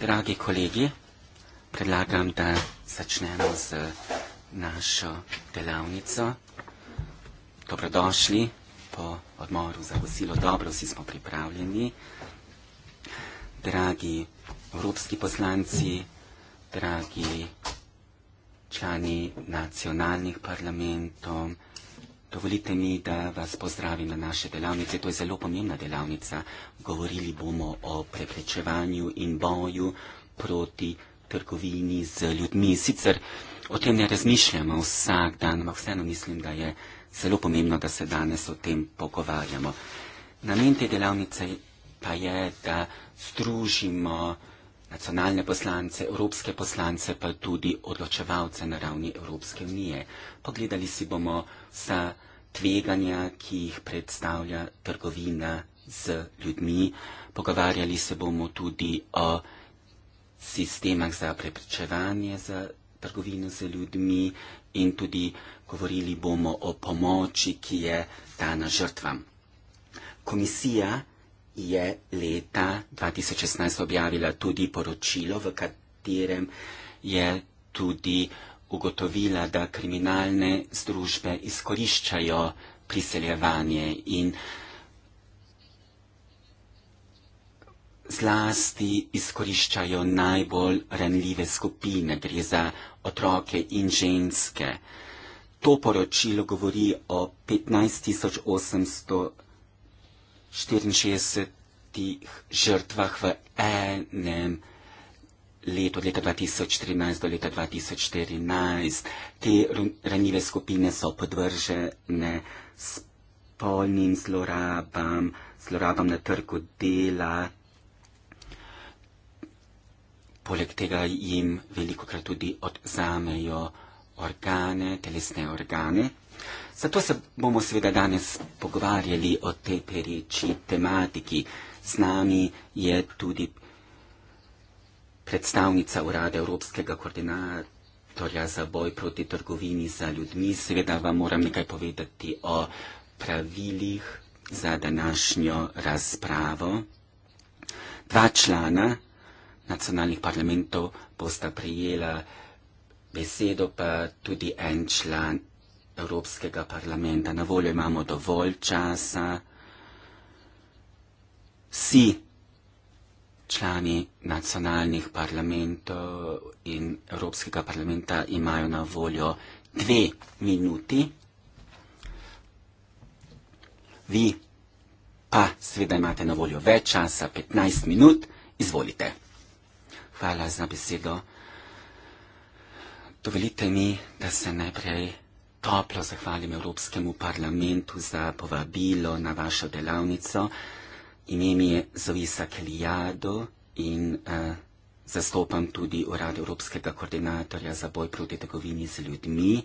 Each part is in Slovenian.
Dragi kolegi, predlagam, da začnemo z našo delavnico. Dobrodošli po odmoru za gosilo. Dobro, vsi smo pripravljeni. Dragi evropski poslanci, dragi člani nacionalnih parlamentov, Dovolite mi, da vas pozdravim na naše delavnice. To je zelo pomembna delavnica. Govorili bomo o preprečevanju in boju proti trgovini z ljudmi. Sicer o tem ne razmišljamo vsak dan, ampak vseeno mislim, da je zelo pomembno, da se danes o tem pogovarjamo. Namen te delavnice pa je, da združimo nacionalne poslance, evropske poslance, pa tudi odločevalce na ravni Evropske unije. Pogledali si bomo vsa tveganja, ki jih predstavlja trgovina z ljudmi, pogovarjali se bomo tudi o sistemah za preprečevanje za trgovino z ljudmi in tudi govorili bomo o pomoči, ki je dana žrtvam. Komisija je leta 2016 objavila tudi poročilo, v katerem je tudi ugotovila, da kriminalne združbe izkoriščajo priseljevanje in zlasti izkoriščajo najbolj ranljive skupine, gre za otroke in ženske. To poročilo govori o 15 800 64 žrtvah v enem letu od leta 2013 do leta 2014. Te ranjive skupine so podvržene spolnim zlorabam, zlorabam na trgu dela. Poleg tega jim veliko krat tudi odzamejo organe, telesne organe. Zato se bomo seveda danes pogovarjali o tej pereči tematiki. Z nami je tudi predstavnica Urada Evropskega koordinatorja za boj proti trgovini za ljudmi. Seveda vam moram nekaj povedati o pravilih za današnjo razpravo. Dva člana nacionalnih parlamentov bosta prijela besedo, pa tudi en član Evropskega parlamenta. Na voljo imamo dovolj časa. Vsi člani nacionalnih parlamentov in Evropskega parlamenta imajo na voljo dve minuti. Vi pa seveda imate na voljo več časa, 15 minut. Izvolite. Hvala za besedo. Dovolite mi, da se najprej toplo zahvalim Evropskemu parlamentu za povabilo na vašo delavnico. Ime mi je Zovisa Kelijado in uh, zastopam tudi Urad Evropskega koordinatorja za boj proti trgovini z ljudmi.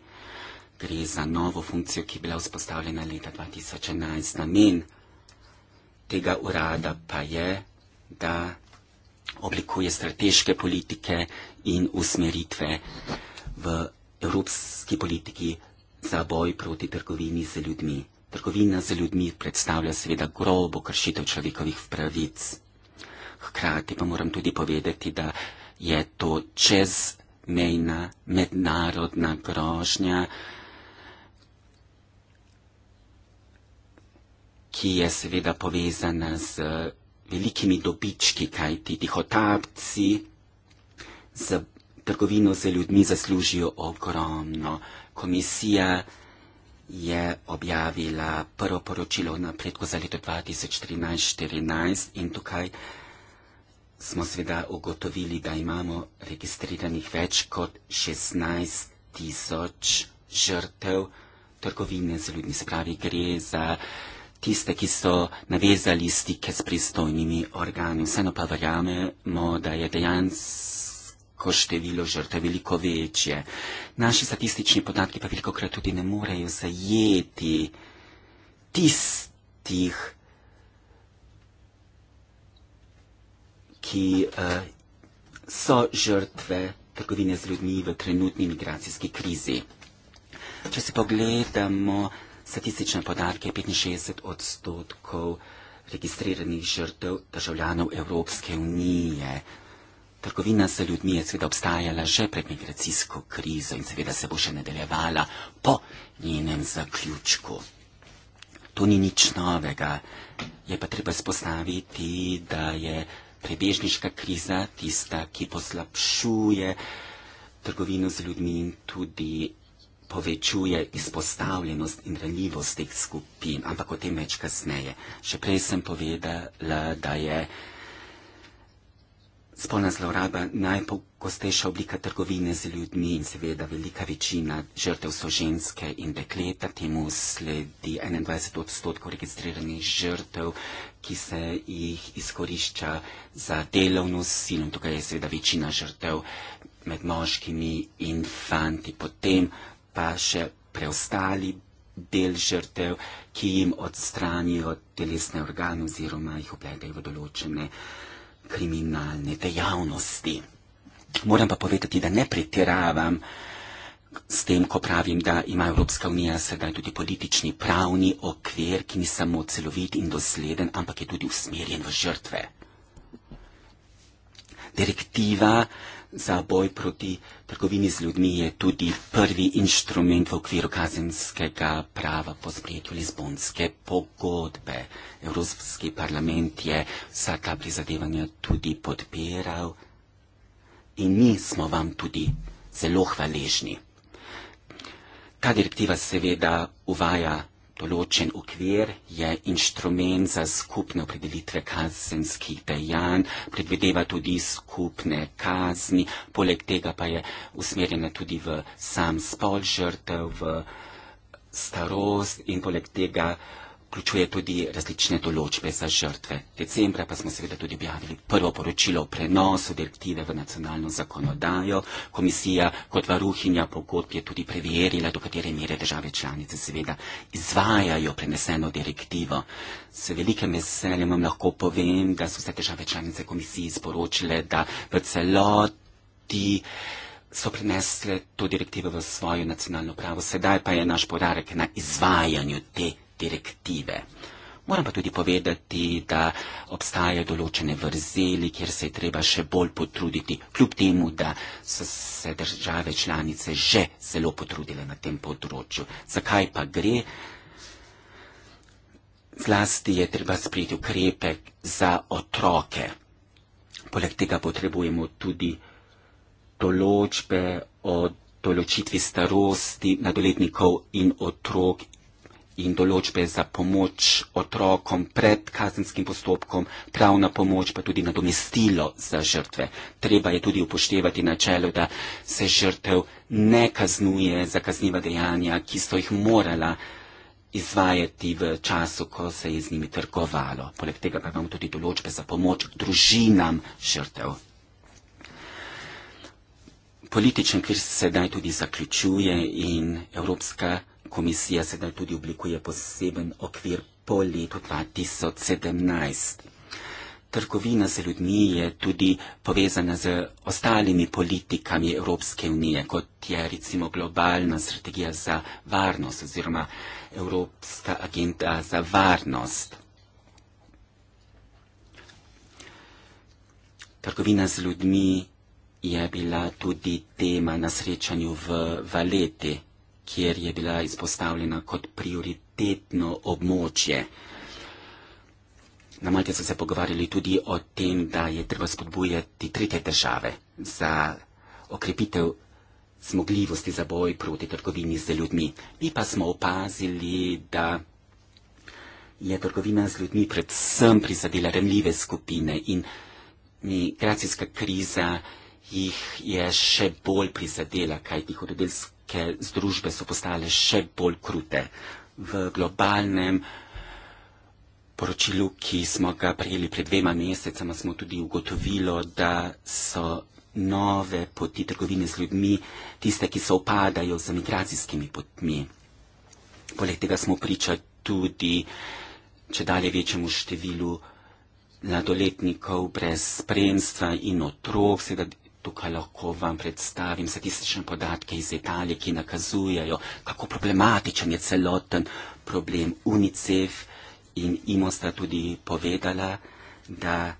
Gre za novo funkcijo, ki je bila vzpostavljena leta 2011. Namen tega urada pa je, da oblikuje strateške politike in usmeritve v evropski politiki za boj proti trgovini z ljudmi. Trgovina z ljudmi predstavlja seveda grobo kršitev človekovih pravic. Hkrati pa moram tudi povedati, da je to čezmejna mednarodna grožnja, ki je seveda povezana z velikimi dobički, kajti tihotapci z trgovino z ljudmi zaslužijo ogromno komisija je objavila prvo poročilo o napredku za leto 2013-2014 in tukaj smo seveda ugotovili, da imamo registriranih več kot 16 tisoč žrtev trgovine z ljudmi. Se pravi, gre za tiste, ki so navezali stike s pristojnimi organi. Vseeno pa verjamemo, da je dejansko veliko število žrtev, veliko večje. Naši statistični podatki pa veliko krat tudi ne morejo zajeti tistih, ki uh, so žrtve trgovine z ljudmi v trenutni migracijski krizi. Če se pogledamo statistične podatke, 65 odstotkov registriranih žrtev državljanov Evropske unije. Trgovina z ljudmi je seveda obstajala že pred migracijsko krizo in seveda se bo še nadaljevala po njenem zaključku. To ni nič novega. Je pa treba spostaviti, da je prebežniška kriza tista, ki poslabšuje trgovino z ljudmi in tudi povečuje izpostavljenost in ranljivost teh skupin, ampak o tem več kasneje. Še prej sem povedala, da je Spolna zloraba je najpogostejša oblika trgovine z ljudmi in seveda velika večina žrtev so ženske in dekleta. Temu sledi 21 odstotkov registriranih žrtev, ki se jih izkorišča za delovno silo. Tukaj je seveda večina žrtev med moškimi in fanti, potem pa še preostali del žrtev, ki jim odstranijo telesne organe oziroma jih obledejo v določene. Uh, kriminalne dejavnosti. Moram pa povedati, da ne pretiravam s tem, ko pravim, da ima Evropska unija sedaj tudi politični pravni okvir, ki ni samo celovit in dosleden, ampak je tudi usmerjen v žrtve. Direktiva za boj proti trgovini z ljudmi je tudi prvi inštrument v okviru kazenskega prava po sprejetju Lizbonske pogodbe. Evropski parlament je vsa ta prizadevanja tudi podpiral in mi smo vam tudi zelo hvaležni. Ta direktiva seveda uvaja določen ukvir je inštrument za skupne opredelitve kazenskih dejanj, predvideva tudi skupne kazni, poleg tega pa je usmerjena tudi v sam spol žrtev, v starost in poleg tega uh, vključuje tudi različne določbe za žrtve. Decembra pa smo seveda tudi objavili prvo poročilo o prenosu direktive v nacionalno zakonodajo. Komisija kot varuhinja pogodb je tudi preverila, do katere mere države članice seveda izvajajo preneseno direktivo. S velikim veseljem vam lahko povem, da so vse države članice komisiji sporočile, da v celoti so prenesle to direktivo v svojo nacionalno pravo. Sedaj pa je naš podarek na izvajanju te direktive direktive. Moram pa tudi povedati, da obstajajo določene vrzeli, kjer se je treba še bolj potruditi, kljub temu, da so se države članice že zelo potrudile na tem področju. Zakaj pa gre? Zlasti je treba sprejeti ukrepe za otroke. Poleg tega potrebujemo tudi določbe o določitvi starosti nadoletnikov in otrok in določbe za pomoč otrokom pred kazenskim postopkom, pravna pomoč pa tudi nadomestilo za žrtve. Treba je tudi upoštevati načelo, da se žrtev ne kaznuje za kazniva dejanja, ki so jih morala izvajati v času, ko se je z njimi trgovalo. Poleg tega pa imamo tudi določbe za pomoč družinam žrtev. Politični kriz se daj tudi zaključuje in Evropska Komisija sedaj tudi oblikuje poseben okvir po letu 2017. Trgovina z ljudmi je tudi povezana z ostalimi politikami Evropske unije, kot je recimo globalna strategija za varnost oziroma Evropska agenda za varnost. Trgovina z ljudmi je bila tudi tema na srečanju v Valeti kjer je bila izpostavljena kot prioritetno območje. Na Malti so se pogovarjali tudi o tem, da je treba spodbujati tretje države za okrepitev zmogljivosti za boj proti trgovini z ljudmi. Mi pa smo opazili, da je trgovina z ljudmi predvsem prizadela remljive skupine in migracijska kriza jih je še bolj prizadela, kaj tih hudodelskih velike združbe so postale še bolj krute. V globalnem poročilu, ki smo ga prijeli pred dvema mesecama, smo tudi ugotovilo, da so nove poti trgovine z ljudmi, tiste, ki se opadajo z migracijskimi potmi. Poleg tega smo priča tudi, če dalje večjemu številu mladoletnikov brez spremstva in otrok, seveda tukaj lahko vam predstavim statistične podatke iz Italije, ki nakazujejo, kako problematičen je celoten problem UNICEF in IMO sta tudi povedala, da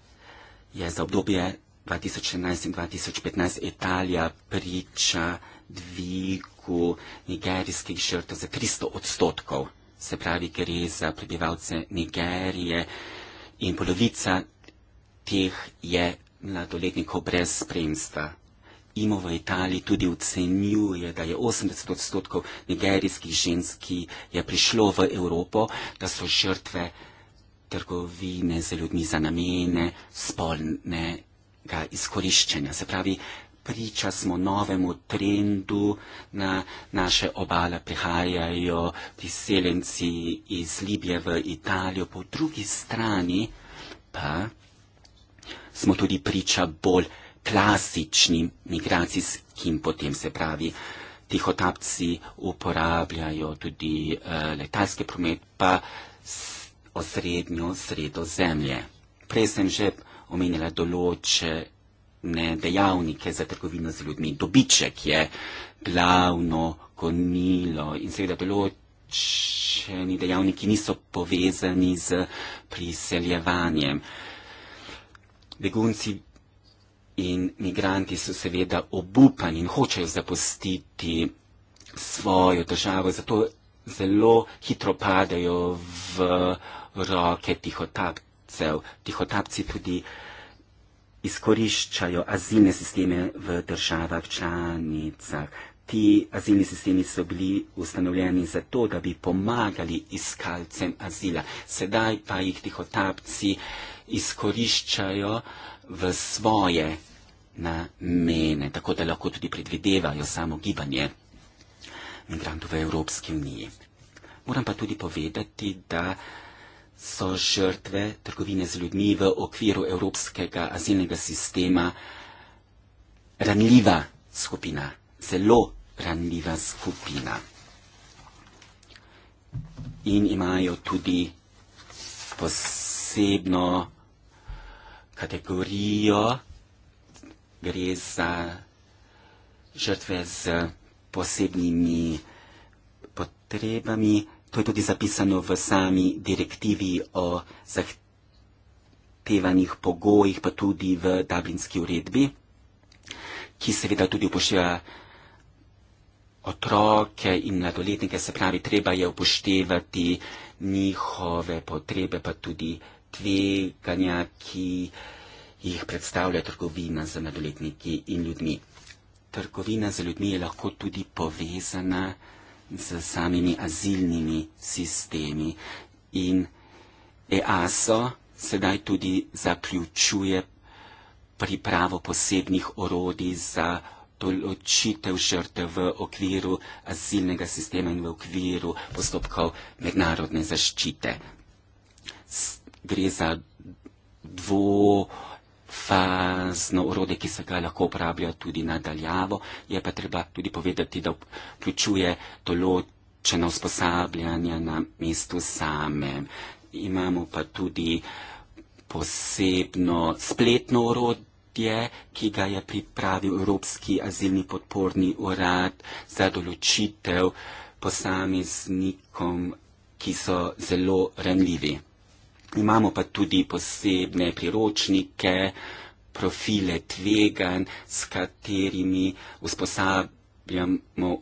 je za obdobje 2011 in 2015 Italija priča dvigu nigerijskih žrtev za 300 odstotkov. Se pravi, gre za prebivalce Nigerije in polovica teh je mladoletnikov brez spremstva. Imo v Italiji tudi ocenjuje, da je 80 odstotkov nigerijskih žensk, ki je prišlo v Evropo, da so žrtve trgovine z ljudmi za namene spolnega izkoriščenja. Se pravi, priča smo novemu trendu, na naše obale prihajajo priseljenci iz Libije v Italijo, po drugi strani pa smo tudi priča bolj klasičnim migracijskim potem, se pravi, tihotapci uporabljajo tudi uh, letalski promet, pa osrednjo sredo zemlje. Prej sem že omenila določene dejavnike za trgovino z ljudmi. Dobiček je glavno konilo in seveda določeni dejavniki niso povezani z priseljevanjem. Uh, Begunci in migranti so seveda obupani in hočejo zapustiti svojo državo, zato zelo hitro padajo v roke tihotapcev. Tihotapci tudi izkoriščajo azilne sisteme v državah članicah. Ti azilni sistemi so bili ustanovljeni zato, da bi pomagali iskalcem azila. Sedaj pa jih tihotapci izkoriščajo v svoje namene, tako da lahko tudi predvidevajo samo gibanje migrantov v Evropski uniji. Moram pa tudi povedati, da so žrtve trgovine z ljudmi v okviru evropskega azilnega sistema ranljiva skupina, zelo ranljiva skupina. In imajo tudi posebno kategorijo, gre za žrtve z posebnimi potrebami. To je tudi zapisano v sami direktivi o zahtevanih pogojih, pa tudi v Dublinski uredbi, ki seveda tudi upošteva otroke in mladoletnike, se pravi, treba je upoštevati njihove potrebe, pa tudi tveganja, ki jih predstavlja trgovina z medoletniki in ljudmi. Trgovina z ljudmi je lahko tudi povezana z samimi azilnimi sistemi in EASO sedaj tudi zaključuje pripravo posebnih orodij za določitev žrte v okviru azilnega sistema in v okviru postopkov mednarodne zaščite. S gre za dvo. Fazno urode, ki se ga lahko uporablja tudi nadaljavo, je pa treba tudi povedati, da vključuje določeno usposabljanje na mestu samem. Imamo pa tudi posebno spletno urodje, ki ga je pripravil Evropski azilni podporni urad za določitev posameznikom, ki so zelo ranljivi. Imamo pa tudi posebne priročnike, profile tvegan, s katerimi usposabljamo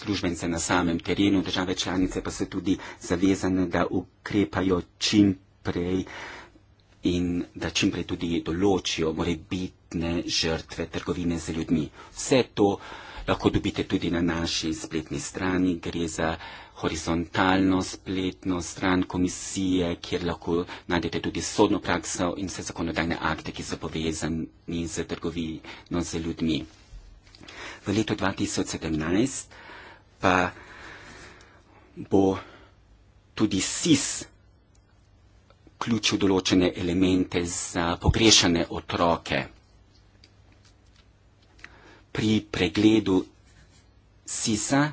službence na samem terenu. Države članice pa so tudi zavezane, da ukrepajo čim prej in da čim prej tudi določijo morebitne žrtve trgovine z ljudmi. Vse to lahko dobite tudi na naši spletni strani, gre za horizontalno spletno stran komisije, kjer lahko najdete tudi sodno prakso in vse zakonodajne akte, ki so povezani z trgovino z ljudmi. V letu 2017 pa bo tudi SIS ključil določene elemente za pogrešane otroke. Pri pregledu SIS-a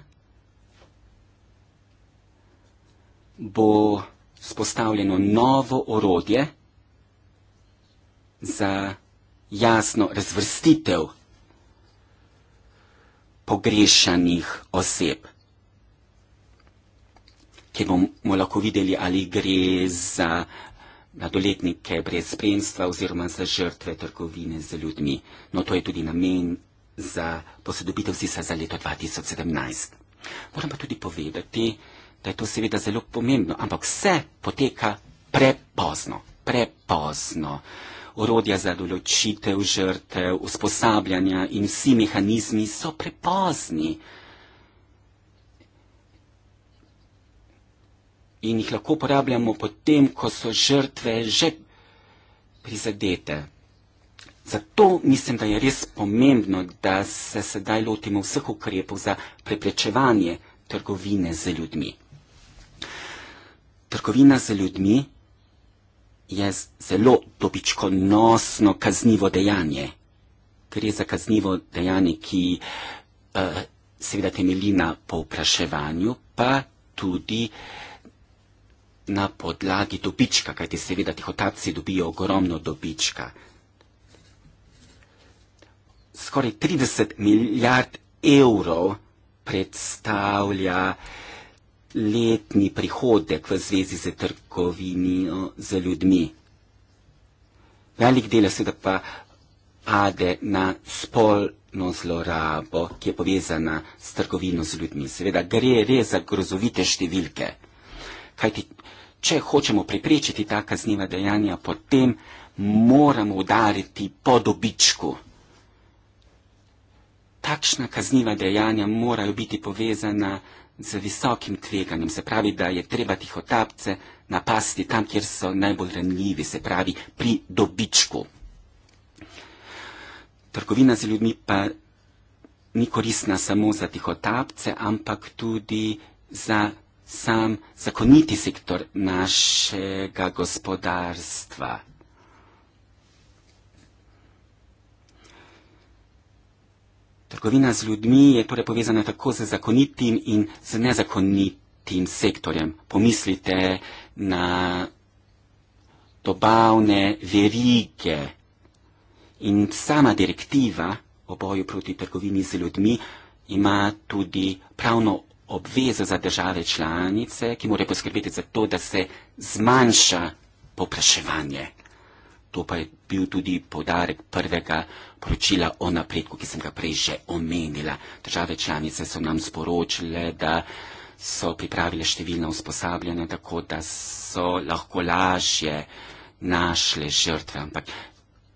bo spostavljeno novo orodje za jasno razvrstitev pogrešanih oseb, ki bomo lahko videli, ali gre za mladoletnike brez spremstva oziroma za žrtve trgovine z ljudmi. No, to je tudi namen za posodobitev SISA za leto 2017. Moram pa tudi povedati, da da je to seveda zelo pomembno, ampak vse poteka prepozno, prepozno. Orodja za določitev žrtev, usposabljanja in vsi mehanizmi so prepozni. In jih lahko uporabljamo potem, ko so žrtve že prizadete. Zato mislim, da je res pomembno, da se sedaj lotimo vseh ukrepov za preprečevanje trgovine z ljudmi. Trgovina z ljudmi je zelo dobičkonosno kaznivo dejanje. Gre za kaznivo dejanje, ki uh, seveda temelji na povpraševanju, pa tudi na podlagi dobička, kajti seveda tihotapci dobijo ogromno dobička. Skoraj 30 milijard evrov predstavlja uh, letni prihodek v zvezi z trgovino z ljudmi. Velik del seveda pa pade na spolno zlorabo, ki je povezana s trgovino z ljudmi. Seveda gre res za grozovite številke. Kajti, če hočemo preprečiti ta kazniva dejanja, potem moramo udariti po dobičku. Takšna kazniva dejanja morajo biti povezana z visokim tveganjem, se pravi, da je treba tihotapce napasti tam, kjer so najbolj ranljivi, se pravi, pri dobičku. Trgovina z ljudmi pa ni koristna samo za tihotapce, ampak tudi za sam zakoniti sektor našega gospodarstva. Trgovina z ljudmi je torej povezana tako z zakonitim in z nezakonitim sektorjem. Pomislite na dobavne verige. In sama direktiva o boju proti trgovini z ljudmi ima tudi pravno obvezo za države članice, ki morajo poskrbeti za to, da se zmanjša popraševanje. To pa je bil tudi podarek prvega poročila o napredku, ki sem ga prej že omenila. Države članice so nam sporočile, da so pripravile številna usposabljanja, tako da so lahko lažje našle žrtve. Ampak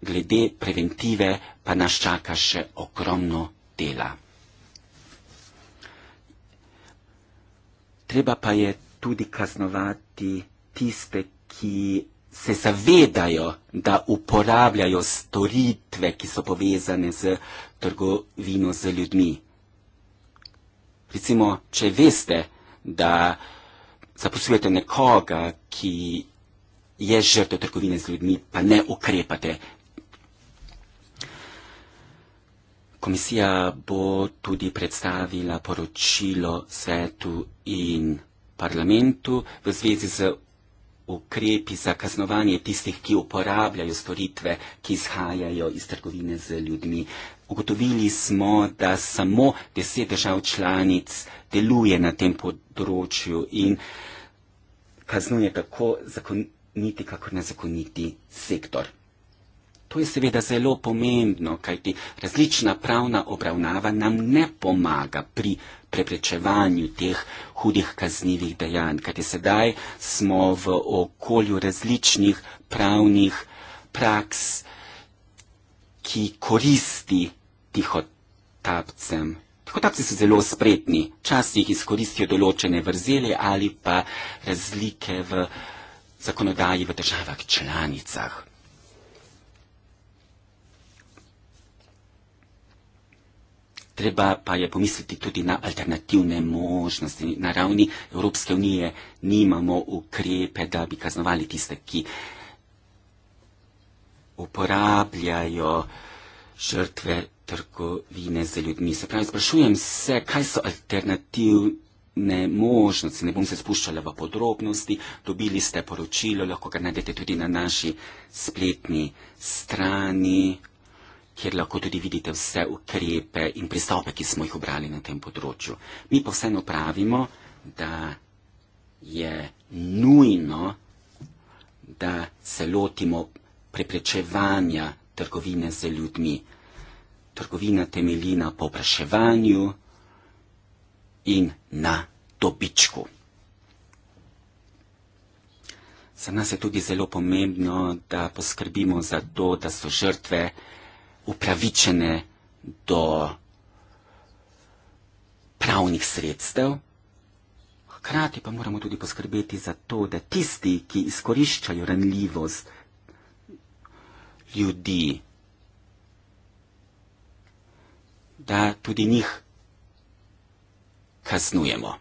glede preventive pa nas čaka še ogromno dela. Treba pa je tudi kaznovati tiste, ki se zavedajo, da uporabljajo storitve, ki so povezane z trgovino z ljudmi. Recimo, če veste, da zaposlujete nekoga, ki je žrtev trgovine z ljudmi, pa ne ukrepate. Komisija bo tudi predstavila poročilo svetu in parlamentu v zvezi z ukrepi za kaznovanje tistih, ki uporabljajo storitve, ki izhajajo iz trgovine z ljudmi. Ugotovili smo, da samo deset držav članic deluje na tem področju in kaznuje tako zakoniti, kako nezakoniti sektor. To je seveda zelo pomembno, kajti različna pravna obravnava nam ne pomaga pri preprečevanju teh hudih kaznjivih dejanj, kajti sedaj smo v okolju različnih pravnih praks, ki koristi tihotapcem. Tihotapci so zelo spretni, včasih izkoristijo določene vrzeli ali pa razlike v zakonodaji v državah članicah. treba pa je pomisliti tudi na alternativne možnosti. Na ravni Evropske unije nimamo ukrepe, da bi kaznovali tiste, ki uporabljajo žrtve trgovine z ljudmi. Se pravi, sprašujem se, kaj so alternativne možnosti. Ne bom se spuščala v podrobnosti. Dobili ste poročilo, lahko ga najdete tudi na naši spletni strani kjer lahko tudi vidite vse ukrepe in pristope, ki smo jih obrali na tem področju. Mi pa vseeno pravimo, da je nujno, da se lotimo preprečevanja trgovine z ljudmi. Trgovina temelji na popraševanju in na dobičku. Za nas je tudi zelo pomembno, da poskrbimo za to, da so žrtve upravičene do pravnih sredstev, hkrati pa moramo tudi poskrbeti za to, da tisti, ki izkoriščajo ranljivost ljudi, da tudi njih kaznujemo.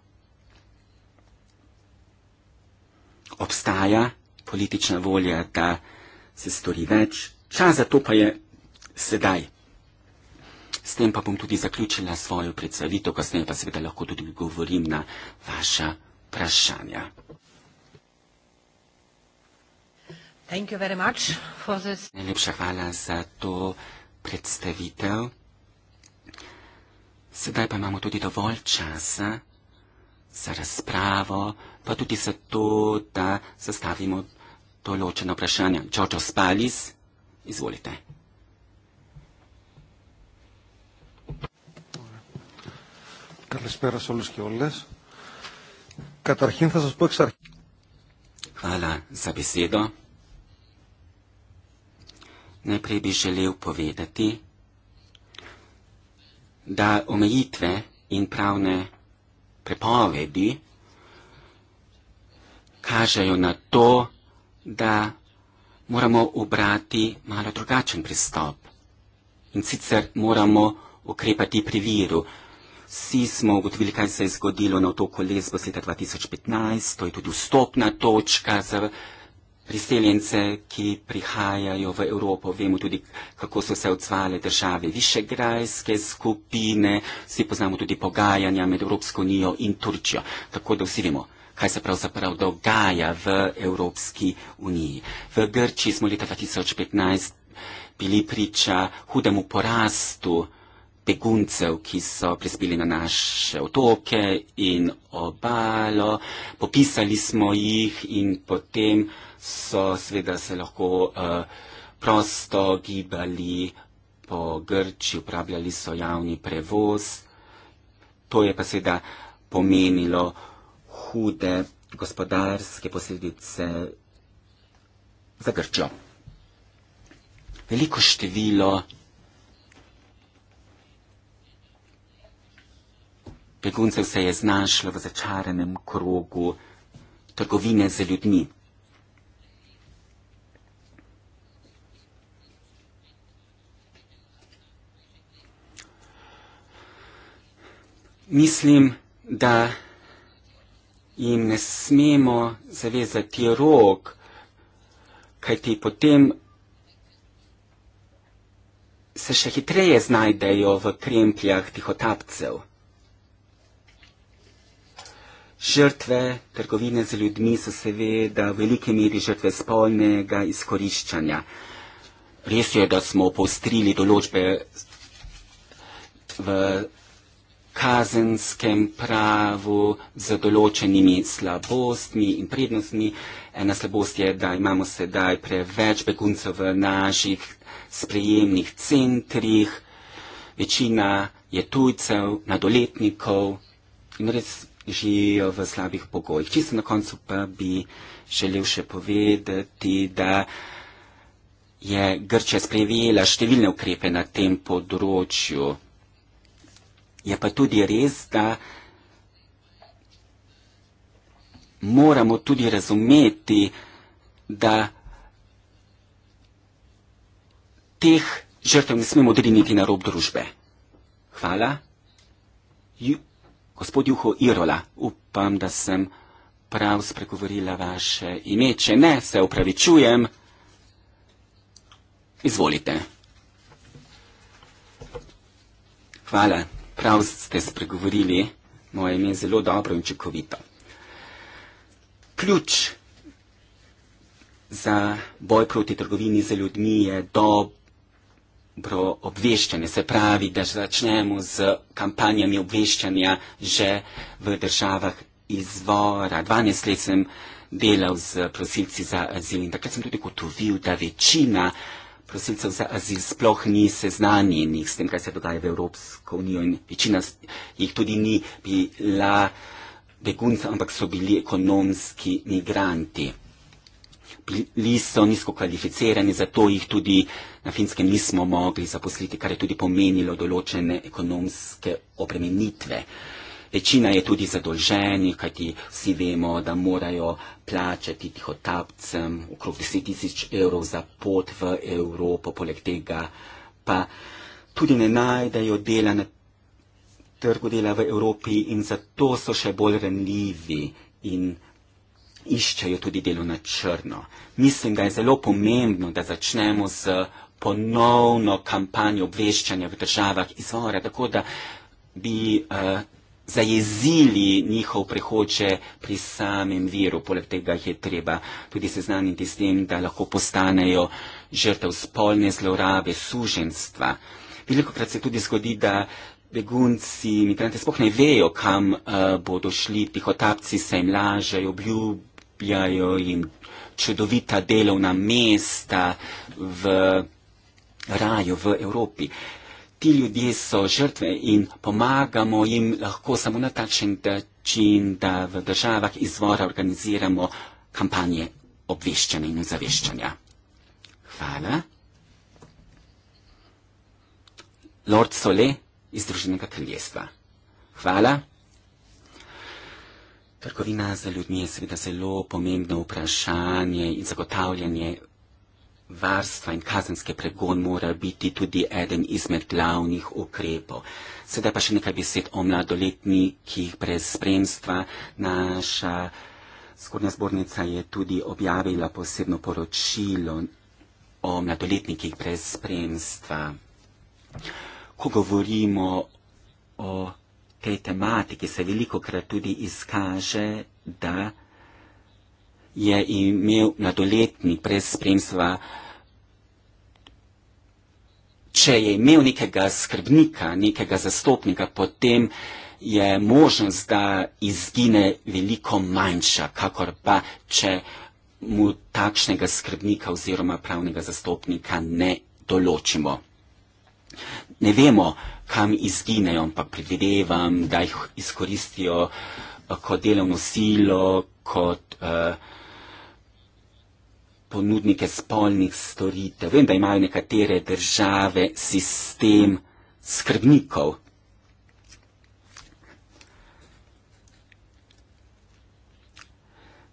Obstaja politična volja, da se stori več, čas za to pa je Sedaj. S tem pa bom tudi zaključila svojo predstavitev, kasneje pa seveda lahko tudi govorim na vaša vprašanja. Najlepša hvala za to predstavitev. Sedaj pa imamo tudi dovolj časa za razpravo, pa tudi za to, da zastavimo določeno vprašanje. Čočo Spalis, izvolite. Καλησπέρα σε όλους και όλες. Καταρχήν θα σας πω εξ αρχή... Hvala za besedo. Najprej bi želel povedati, da omejitve in pravne prepovedi kažejo na to, da moramo obrati malo drugačen pristop. In sicer moramo ukrepati pri viru. Vsi smo ugotovili, kaj se je zgodilo na otoku Lesbos leta 2015. To je tudi vstopna točka za priseljence, ki prihajajo v Evropo. Vemo tudi, kako so se odzvale države višegrajske skupine. Vsi poznamo tudi pogajanja med Evropsko unijo in Turčjo. Tako da vsi vemo kaj se pravzaprav dogaja v Evropski uniji. V Grčiji smo leta 2015 bili priča hudemu porastu beguncev, ki so prispeli na naše otoke in obalo. Popisali smo jih in potem so seveda se lahko uh, prosto gibali po Grči, upravljali so javni prevoz. To je pa seveda pomenilo hude gospodarske posledice za Grčo. Veliko število Beguncev se je znašlo v začaranem krogu trgovine z ljudmi. Mislim, da jim ne smemo zavezati rok, kajti potem se še hitreje znajdejo v krempljah tihotapcev. Žrtve trgovine z ljudmi so seveda v veliki meri žrtve spolnega izkoriščanja. Res je, da smo postrili določbe v kazenskem pravu z določenimi slabostmi in prednostmi. Ena slabost je, da imamo sedaj preveč beguncev v naših sprejemnih centrih, večina je tujcev, nadoletnikov in res živijo v slabih pogojih. Čisto na koncu pa bi želel še povedati, da je Grčija sprejela številne ukrepe na tem področju. Je pa tudi res, da moramo tudi razumeti, da teh žrtev ne smemo driniti na rob družbe. Hvala. You Gospod Juho Irola, upam, da sem prav spregovorila vaše ime. Če ne, se upravičujem. Izvolite. Hvala, prav ste spregovorili moje ime zelo dobro in čekovito. Ključ za boj proti trgovini za ljudmi je dobro obveščanje, se pravi, da začnemo z kampanjami obveščanja že v državah izvora. 12 let sem delal z prosilci za azil in takrat sem tudi gotovil, da večina prosilcev za azil sploh ni seznanjenih s tem, kaj se dogaja v Evropsko unijo in večina jih tudi ni bila begunca, ampak so bili ekonomski migranti bili so nizko kvalificirani, zato jih tudi na finskem nismo mogli zaposliti, kar je tudi pomenilo določene ekonomske opremenitve. Večina je tudi zadolženi, kajti vsi vemo, da morajo plačati tihotapcem okrog 10 tisoč evrov za pot v Evropo, poleg tega pa tudi ne najdejo dela na trgu dela v Evropi in zato so še bolj renljivi in renljivi iščejo tudi delo na črno. Mislim, da je zelo pomembno, da začnemo z ponovno kampanjo obveščanja v državah izvora, tako da bi uh, zajezili njihov prehoče pri samem viru. Poleg tega jih je treba tudi seznaniti s tem, da lahko postanejo žrtev spolne zlorabe, suženstva. Veliko krat se tudi zgodi, da begunci, migranti spohne vejo, kam uh, bodo šli, tihotapci se jim lažejo, obljub odkupljajo in čudovita delovna mesta v raju v Evropi. Ti ljudje so žrtve in pomagamo jim lahko samo na takšen način, da v državah izvora organiziramo kampanje obveščanja in ozaveščanja. Hvala. Lord Sole iz Združenega kraljestva. Hvala. Trgovina za ljudmi je seveda zelo pomembno vprašanje in zagotavljanje varstva in kazenske pregon mora biti tudi eden izmed glavnih ukrepov. Sedaj pa še nekaj besed o mladoletnikih brez spremstva. Naša skornja zbornica je tudi objavila posebno poročilo o mladoletnikih brez spremstva. Ko govorimo o tej tematiki se veliko krat tudi izkaže, da je imel mladoletni brez spremstva, če je imel nekega skrbnika, nekega zastopnika, potem je možnost, da izgine veliko manjša, kakor pa, če mu takšnega skrbnika oziroma pravnega zastopnika ne določimo. Ne vemo, kam izginejo, ampak predvidevam, da jih izkoristijo eh, kot delovno silo, kot eh, ponudnike spolnih storitev. Vem, da imajo nekatere države sistem skrbnikov.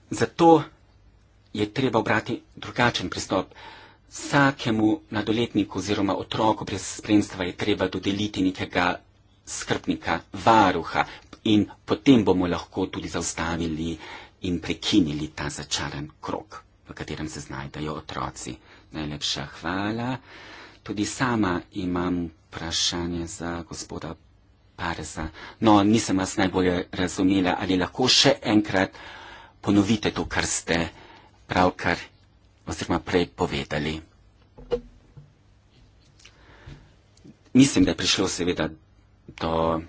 Zato je treba obrati drugačen pristop vsakemu nadoletniku oziroma otroku brez spremstva je treba dodeliti nekega skrbnika, varuha in potem bomo lahko tudi zaustavili in prekinili ta začaran krok, v katerem se znajdajo otroci. Najlepša hvala. Tudi sama imam vprašanje za gospoda Pareza. No, nisem vas najbolje razumela, ali lahko še enkrat ponovite to, kar ste pravkar oziroma prej povedali. mislim, da je prišlo seveda do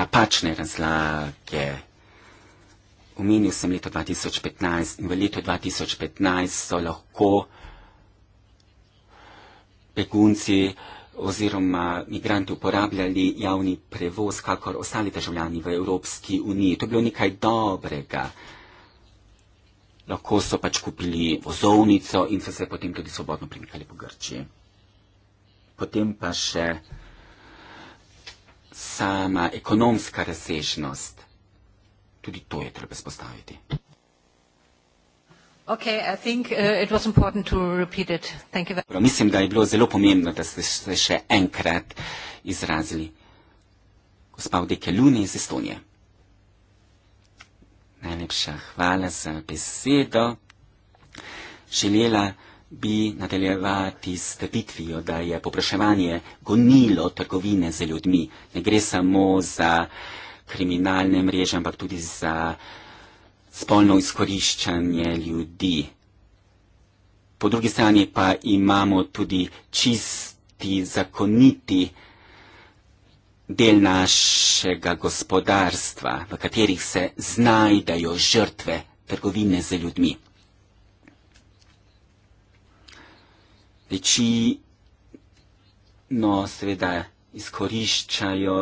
napačne razlage. Omenil sem leto 2015 in v letu 2015 so lahko begunci oziroma migranti uporabljali javni prevoz, kakor ostali državljani v Evropski uniji. To je bilo nekaj dobrega. Lahko so pač kupili vozovnico in so se potem tudi svobodno premikali po Grčiji potem pa še sama ekonomska razsežnost. Tudi to je treba spostaviti. Okay, I think, uh, it was to it. Thank you very Mislim, da je bilo zelo pomembno, da ste se še enkrat izrazili. Gospa Vdeke Luni iz Estonije. Najlepša hvala za besedo. Želela bi nadaljevati s trditvijo, da je popraševanje gonilo trgovine z ljudmi. Ne gre samo za kriminalne mreže, ampak tudi za spolno izkoriščanje ljudi. Po drugi strani pa imamo tudi čisti, zakoniti del našega gospodarstva, v katerih se znajdajo žrtve trgovine z ljudmi. večino seveda izkoriščajo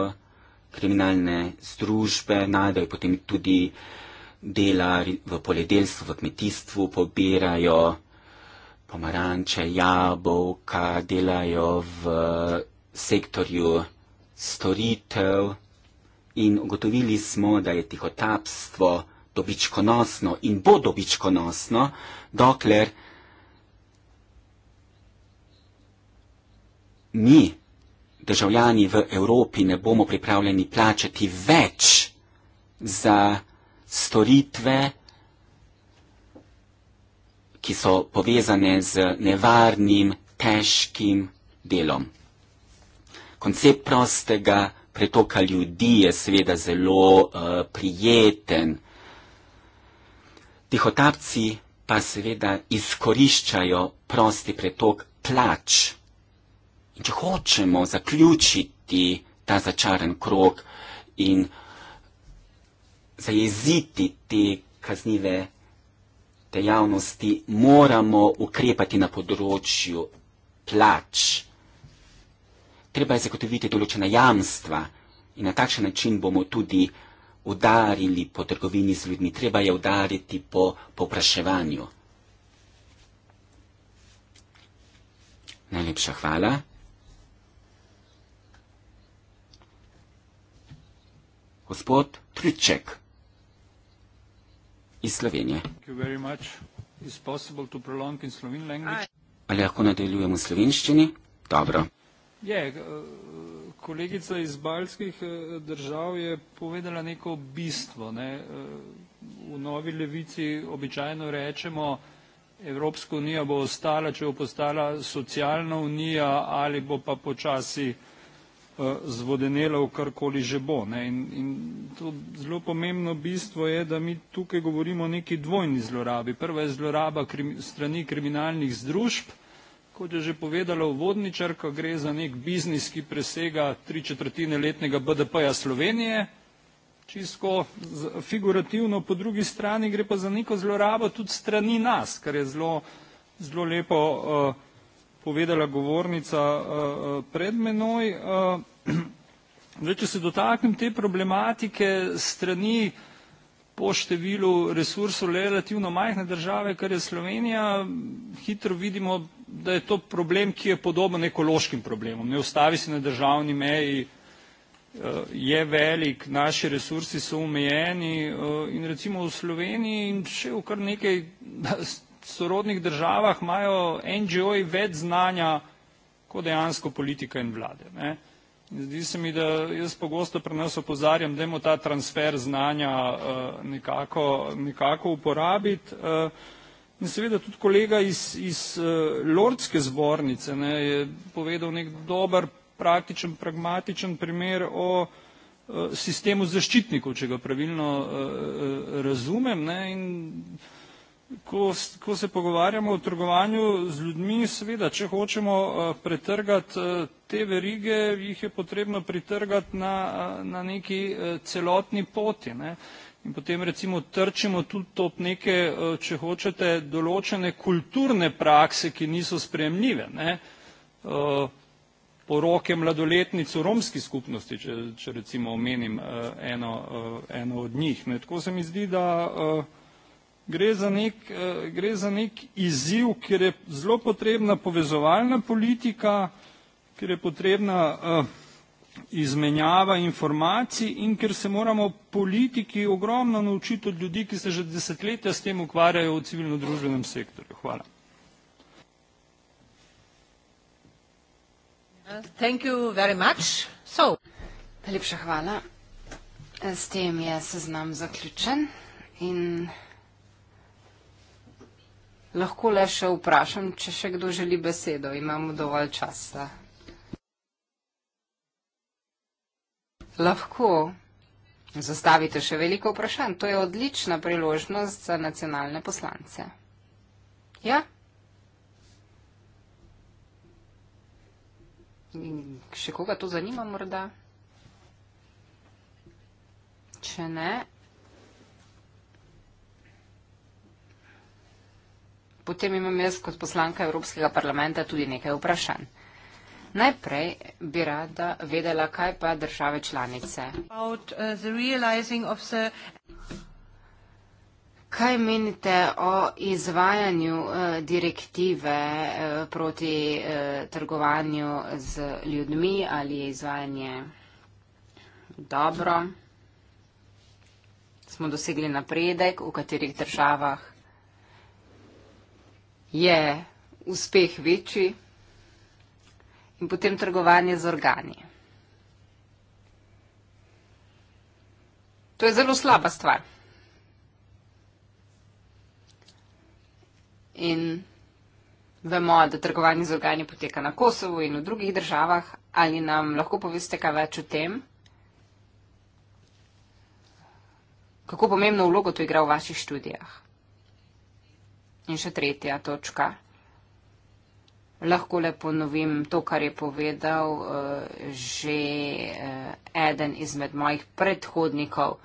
kriminalne združbe, najdejo potem tudi dela v poljedelstvu, v kmetijstvu, pobirajo pomaranče, jabolka, delajo v sektorju storitev in ugotovili smo, da je tihotapstvo dobičkonosno in bo dobičkonosno, dokler mi, državljani v Evropi, ne bomo pripravljeni plačati več za storitve, ki so povezane z nevarnim, težkim delom. Koncept prostega pretoka ljudi je seveda zelo uh, prijeten. Tihotapci pa seveda izkoriščajo prosti pretok plač če hočemo zaključiti ta začaren krok in zajeziti te kaznive dejavnosti, moramo ukrepati na področju plač. Treba je zagotoviti določena jamstva in na takšen način bomo tudi udarili po trgovini z ljudmi. Treba je udariti po popraševanju. Najlepša hvala. gospod Triček iz Slovenije. Ali lahko nadaljujemo v slovenščini? Dobro. Yeah, eh, uh... Kolegica iz baljskih eh, držav je povedala neko bistvo. Ne. Eh, v novi levici običajno rečemo, Evropska unija bo ostala, če bo postala socialna unija ali bo pa počasi uh, Eh, zvodenela v karkoli že bo. Ne? In, in to zelo pomembno bistvo je, da mi tukaj govorimo o neki dvojni zlorabi. Prva je zloraba krimi, strani kriminalnih združb, kot je že povedala uvodničarka, gre za nek biznis, ki presega tri četrtine letnega BDP-ja Slovenije, čisto figurativno, po drugi strani gre pa za neko zlorabo tudi strani nas, kar je zelo, zelo lepo uh, povedala govornica eh, eh, pred menoj. Eh, zdaj, če se dotaknem te problematike strani po številu resursov relativno majhne države, kar je Slovenija, hitro vidimo, da je to problem, ki je podoben ekološkim problemom. Ne ustavi se na državni meji, je velik, naši resursi so omejeni in recimo v Sloveniji in še v kar nekaj sorodnih državah imajo NGO-ji več znanja kot dejansko politika in vlade. Ne. Zdi se mi, da jaz pogosto pri nas opozarjam, da je ta transfer znanja uh, nekako, nekako uporabiti. Uh, in seveda tudi kolega iz, iz uh, Lordske zbornice ne, je povedal nek dober, praktičen, pragmatičen primer o uh, sistemu zaščitnikov, če ga pravilno uh, uh, razumem. Ne, in, uh, ko, ko se pogovarjamo o trgovanju z ljudmi, seveda, če hočemo eh, pretrgati eh, te verige, jih je potrebno pretrgati na, eh, na neki celotni poti. Ne. In potem recimo trčimo tudi top neke, če hočete, določene kulturne prakse, ki niso sprejemljive. Ne. Poroke mladoletnic v romski skupnosti, če, če recimo omenim eno, eno od njih. Ne. Tako se mi zdi, da Gre za, nek, eh, gre za nek izziv, kjer je zelo potrebna povezovalna politika, kjer je potrebna eh, izmenjava informacij in kjer se moramo politiki ogromno naučiti od ljudi, ki se že desetletja s tem ukvarjajo v civilno-družbenem sektorju. Hvala. Najlepša so... hvala. S tem je seznam zaključen. In lahko le še vprašam, če še kdo želi besedo. Imamo dovolj časa. Lahko zastavite še veliko vprašanj. To je odlična priložnost za nacionalne poslance. Ja? Še koga to zanima morda? Če ne, potem imam jaz kot poslanka Evropskega parlamenta tudi nekaj vprašanj. Najprej bi rada vedela, kaj pa države članice. About, uh, the... Kaj menite o izvajanju uh, direktive uh, proti uh, trgovanju z ljudmi ali je izvajanje dobro? Smo dosegli napredek, v katerih državah? je uspeh večji in potem trgovanje z organi. To je zelo slaba stvar. In vemo, da trgovanje z organi poteka na Kosovu in v drugih državah. Ali nam lahko poveste kaj več o tem? Kako pomembno vlogo to igra v vaših študijah? In še tretja točka. Lahko le ponovim to, kar je povedal uh, že uh, eden izmed mojih predhodnikov.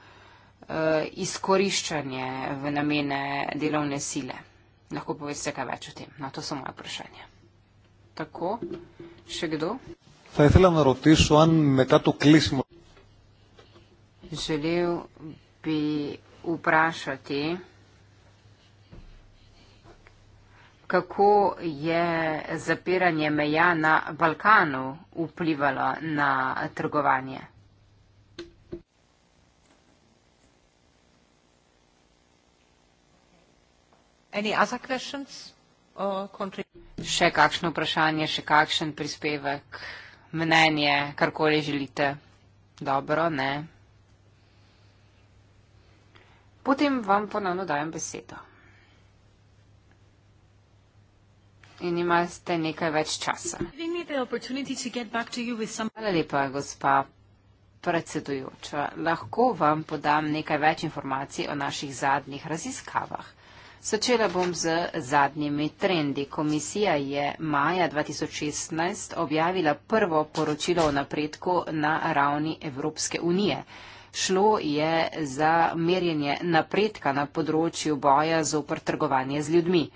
Uh, izkoriščanje v namene delovne sile. Lahko poveste kaj več o tem? No, to so moje vprašanje. Tako, še kdo? Želel bi vprašati. kako je zapiranje meja na Balkanu vplivalo na trgovanje. Še kakšno vprašanje, še kakšen prispevek, mnenje, karkoli želite. Dobro, ne. Potem vam ponovno dajem besedo. in imate nekaj več časa. Hvala lepa, gospa predsedujoča. Lahko vam podam nekaj več informacij o naših zadnjih raziskavah. Začela bom z zadnjimi trendi. Komisija je maja 2016 objavila prvo poročilo o napredku na ravni Evropske unije. Šlo je za merjenje napredka na področju boja z opr trgovanje z ljudmi.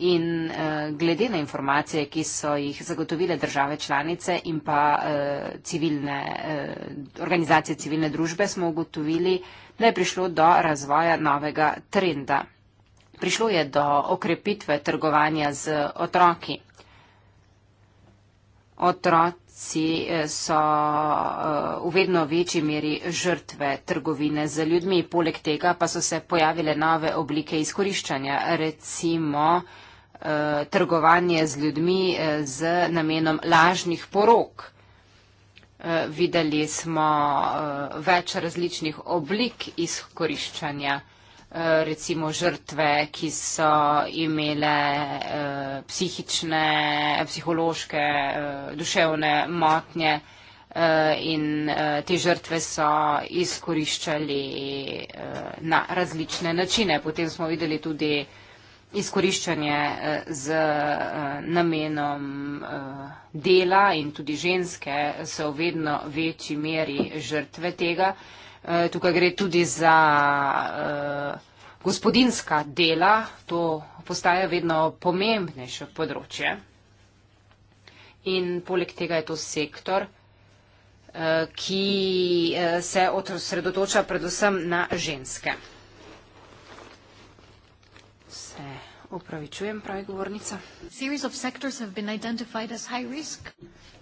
In uh, glede na informacije, ki so jih zagotovile države članice in pa uh, civilne, uh, organizacije civilne družbe, smo ugotovili, da je prišlo do razvoja novega trenda. Prišlo je do okrepitve trgovanja z otroki. Otroci so v vedno večji meri žrtve trgovine z ljudmi, poleg tega pa so se pojavile nove oblike izkoriščanja, recimo Eh, trgovanje z ljudmi eh, z namenom lažnih porok. Eh, videli smo več različnih oblik izkoriščanja, recimo žrtve, ki so imele psihične, psihološke, duševne motnje in te žrtve so izkoriščali na različne načine. Potem smo videli tudi izkoriščanje eh, z eh, namenom eh, dela in tudi ženske so v vedno večji meri žrtve tega. Tukaj gre tudi za gospodinska dela, to postaja vedno pomembnejše področje. In poleg tega je to sektor, ki se osredotoča predvsem na ženske. Opravičujem, pravi govornica.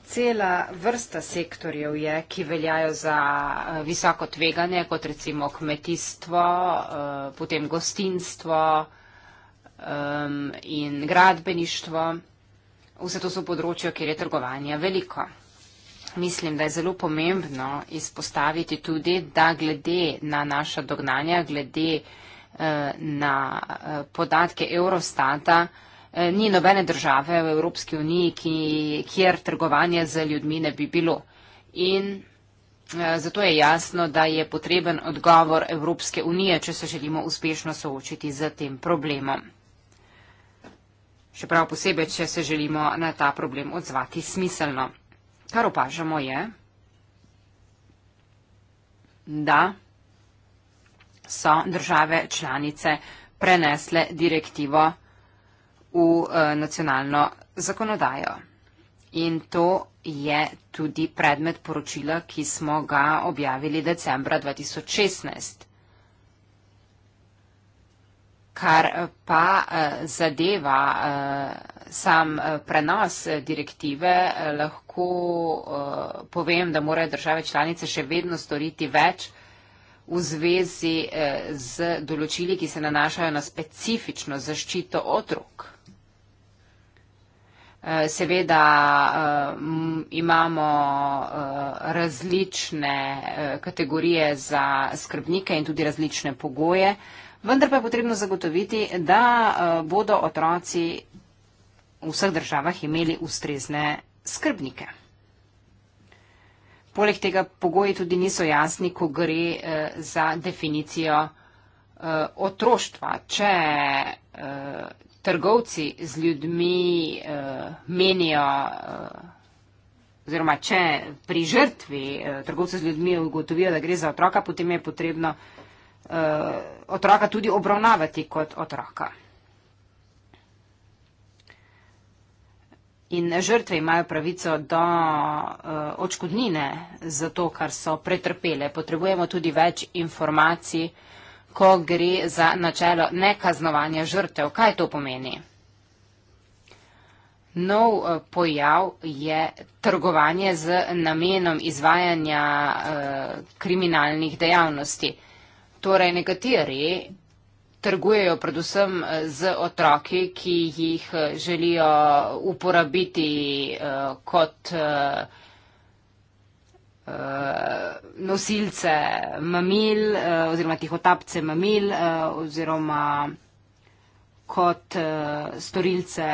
Cela vrsta sektorjev je, ki veljajo za eh, visoko tveganje, kot recimo kmetijstvo, eh, potem gostinstvo in gradbeništvo. Vse to so področja, kjer je trgovanje veliko. Mislim, da je zelo pomembno izpostaviti tudi, da glede na naša dognanja, glede na na eh, podatke Eurostata, eh, ni nobene države v Evropski uniji, ki, kjer trgovanje z ljudmi ne bi bilo. In eh, zato je jasno, da je potreben odgovor Evropske unije, če se želimo uspešno soočiti z tem problemom. Čeprav posebej, če se želimo na ta problem odzvati smiselno. Kar opažamo je, da so države članice prenesle direktivo v eh, nacionalno zakonodajo. In to je tudi predmet poročila, ki smo ga objavili decembra 2016. Kar eh, pa eh, zadeva sam prenos direktive, lahko povem, da morajo države članice še vedno storiti več v zvezi eh, z določili, ki se nanašajo na specifično zaščito otrok. Eh, seveda eh, imamo različne kategorije za skrbnike in tudi različne pogoje, vendar pa je potrebno zagotoviti, da bodo otroci v vseh državah imeli ustrezne skrbnike. Poleg tega pogoji tudi niso jasni, ko gre eh, za definicijo eh, otroštva. Če eh, trgovci z ljudmi eh, menijo, eh, oziroma če pri žrtvi eh, trgovci z ljudmi ugotovijo, da gre za otroka, potem je potrebno eh, otroka tudi obravnavati kot otroka. In žrtve imajo pravico do uh, eh, očkodnine za to, kar so pretrpele. Potrebujemo tudi več informacij, ko gre za načelo nekaznovanja žrtev. Kaj to pomeni? Nov eh, pojav je trgovanje z namenom izvajanja eh, kriminalnih dejavnosti. Torej, nekateri trgujejo predvsem eh, z otroki, ki jih eh, želijo uporabiti eh, kot nosilce mamil oziroma tihotapce mamil oziroma kot storilce